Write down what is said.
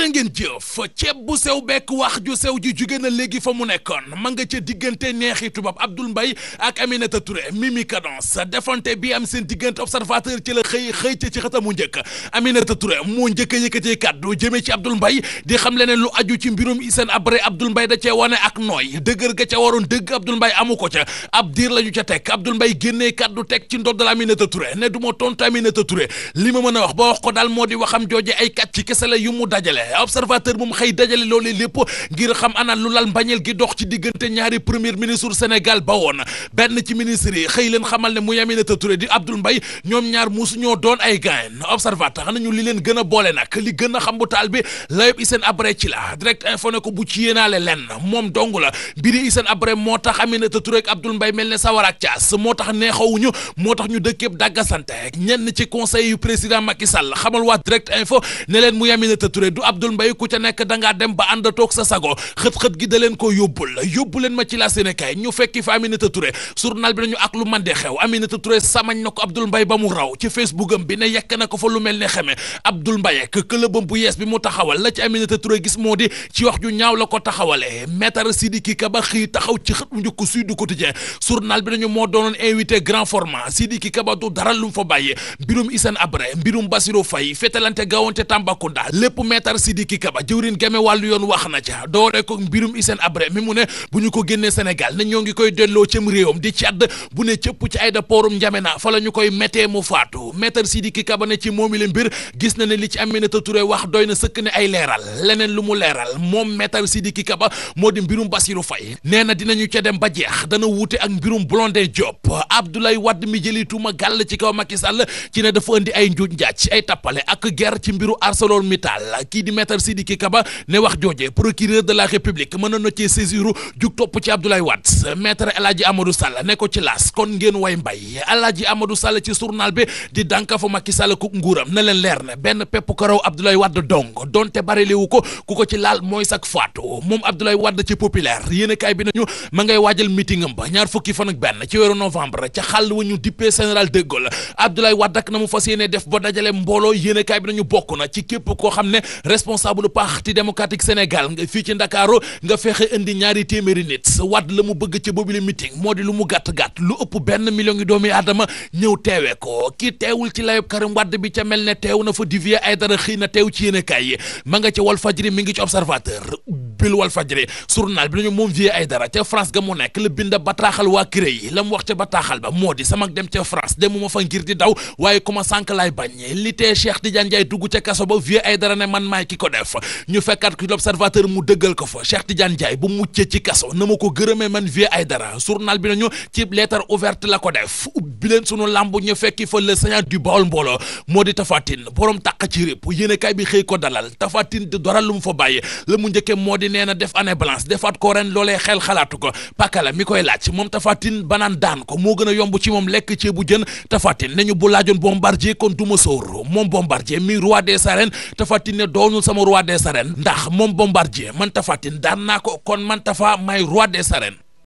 da ngeen jëf ceeb bu sew bekk wax ju sew ji jóge na léegi fa mu nekkoon ma nga ca diggante neexi tubaab Abdoul mbay ak Aminata Touré Mimi sa defante bi am seen diggante observateur ci la xëy xëy ca ci xëtamu njëkk Aminata Touré moo njëkk a yëkkatee kàddu jëmee ci Abdoul mbay di xam leneen lu aju ci mbirum Hissène Habré Abdoul Mbaye da cee wane ak nooy dëgër ga ca waroon dëgg Abdoul Mbaye amu ko ca ab diir la ñu ca teg Abdoul mbay génnee kàddu teg ci ndoddal Aminata Touré ne du ma tontu Aminata Touré li ma mën a wax ba wax ko daal moo di waxam jooje ay kàcc kese la yu mu dajale observateur moom xëy dajale loolee lépp ngir xam ana lu lal mbañeel gi dox ci diggante ñaari premier ministre Sénégal ba woon benn ci ministre yi xëy leen xamal ne mu Aminata Touré di Abdoul Mbaye ñoom ñaar musu ñoo doon ay gayen observateur nañu li leen gën a boole nag li gën a xam bu taal bi layëb Hissène Habré ci la direct info ne ko bu ci yéenaale lenn moom dong la mbiri Hissène Habré moo tax Aminata Touré ak Abdoul Mbaye mel ne sawar ak caas moo tax neexawuñu moo tax ñu dëkkeeb dàggasante ñenn ci conseil yu président Macky Sall xamal waa direct info ne leen mu Aminata abdul mbay ku ca da nga dem ba and tok sa sago xet xet gi dalen ko yobul yóbbu leen ma ci la Sénégal ñu fekki fa Aminata Touré journal bi nañu ak lu man de xew Aminata Touré samañ nako abdul mbay ba mu raw ci facebook am bi ne yekk nako fa lu melni xeme abdul mbaye ak këlëbam bu yes bi mu taxawal la ci Aminata Touré gis modi ci wax ju ñaaw la ko taxawale maître Sidiki ba xii taxaw ci xet mu njëkk Sud Quotidien journal bi nañu mo donon invité grand format Sidiki ba du daral lu fa baye birum Hissène abrahim birum basiro fay fetalante gawonte tambakunda lepp maître Sidiki Kaba jëwrin game wàllu yoon wax na ca doore ko mbirum Hissène Habré mi mu ne bu ñu ko génnee Sénégal ne ñoo ngi koy delloo cëm réewam di Tchad bu ne cëpp ci aéroportum N'Djamena fa la ñu koy méttee mu faatu maître Sidiki Kaba ne ci moomi le mbir gis na li ci Aminata Touré wax doy na sëkk ne ay leeral leneen lu mu leeral moom maître Sidiki Kaba moo di mbirum Bassirou Faye nee na dinañu ca dem ba jeex dana wuute ak mbirum Blondin Diop Abdoulaye Wade mi jëli tuuma gàll ci kaw Macky Sall ci ne dafa indi ay njuuj njaaj ay tappale ak guerre ci mbiru ArcelorMittal kii di maître Sidiki Kaba ne wax jooje procureur de la république mën na no cee saisiru topp ci Abdoulaye Wade maître El Hadji Amadou Sall ne ko ci laas kon ngeen way mbay El Hadji Amadou Sall ci journal bi di dànkafu Macky Sall ku nguuram na leen leer ne benn pepp ko raw Abdoulaye Wade dong donte barelewu ko ku ko ci laal mooy sak faatu moom Abdoulaye Wade ci populaire yéen bi nañu ma ngay waajal meeting am ba ñaar fukki fan ak benn ci weeru novembre ca xàll wu ñu dippee général de Gaulle Abdoulaye def ba dajale mbooloo yéen a kaay bi nañu bokk na ci képp responsable parti démocratique Sénégal nga fii ci Ndakaaru nga fexe indi ñaari téeméeri nit Wade la mu bëgg ci boobule meeting moo di lu mu gàtt-gàtt lu ëpp benn million doom yi doomi aadama ñëw teewee ko ki teewul ci layob Karim Wade bi ca mel ne teew na fa ay Aidara xëy na teew ci yéenekaay yi ma nga ca Walf Fadjri mi ngi ci observateur ubbil wal fajri journal bi nañu moom Vieux Aïdara ca France ga mu nekk la binda bataaxal waa CREI yi la mu wax ca bataaxal ba moo di samak dem ca France demuma fa ngir di daw waaye ku ma sànk laay baññe li tee Cheikh Tidiane Ndiaye dugg ca kaso ba Vieux Aïdara ne man maay ki ko def ñu fekkaat ko l'observateur mu dëggal ko fa Cheikh Tidiane Ndiaye bu muccee ci kaso na ma ko gërëmee man Vieux Aïdara journal bi nañu ci lettre ouverte la ko def ubbi leen sunu làmb ñu fekki fa le Seigneur du Baol mbooloo moo di Tapha Tine borom taq ci répp yéenekaay bi nee na def année blanche defaat ko ren loolee xel xalaatu ko pakala mi koy laaj moom tafatin banaan daan ko moo gën a yomb ci moom lekk ceebu jën tafatin nañu bu laajoon bombardier kon du ma sóor moom bombardier mi roi des arènes tafatin ne doonul sama roi des arènes ndax moom bombardier man tafatin daan naa ko kon man tafa may roi des arènes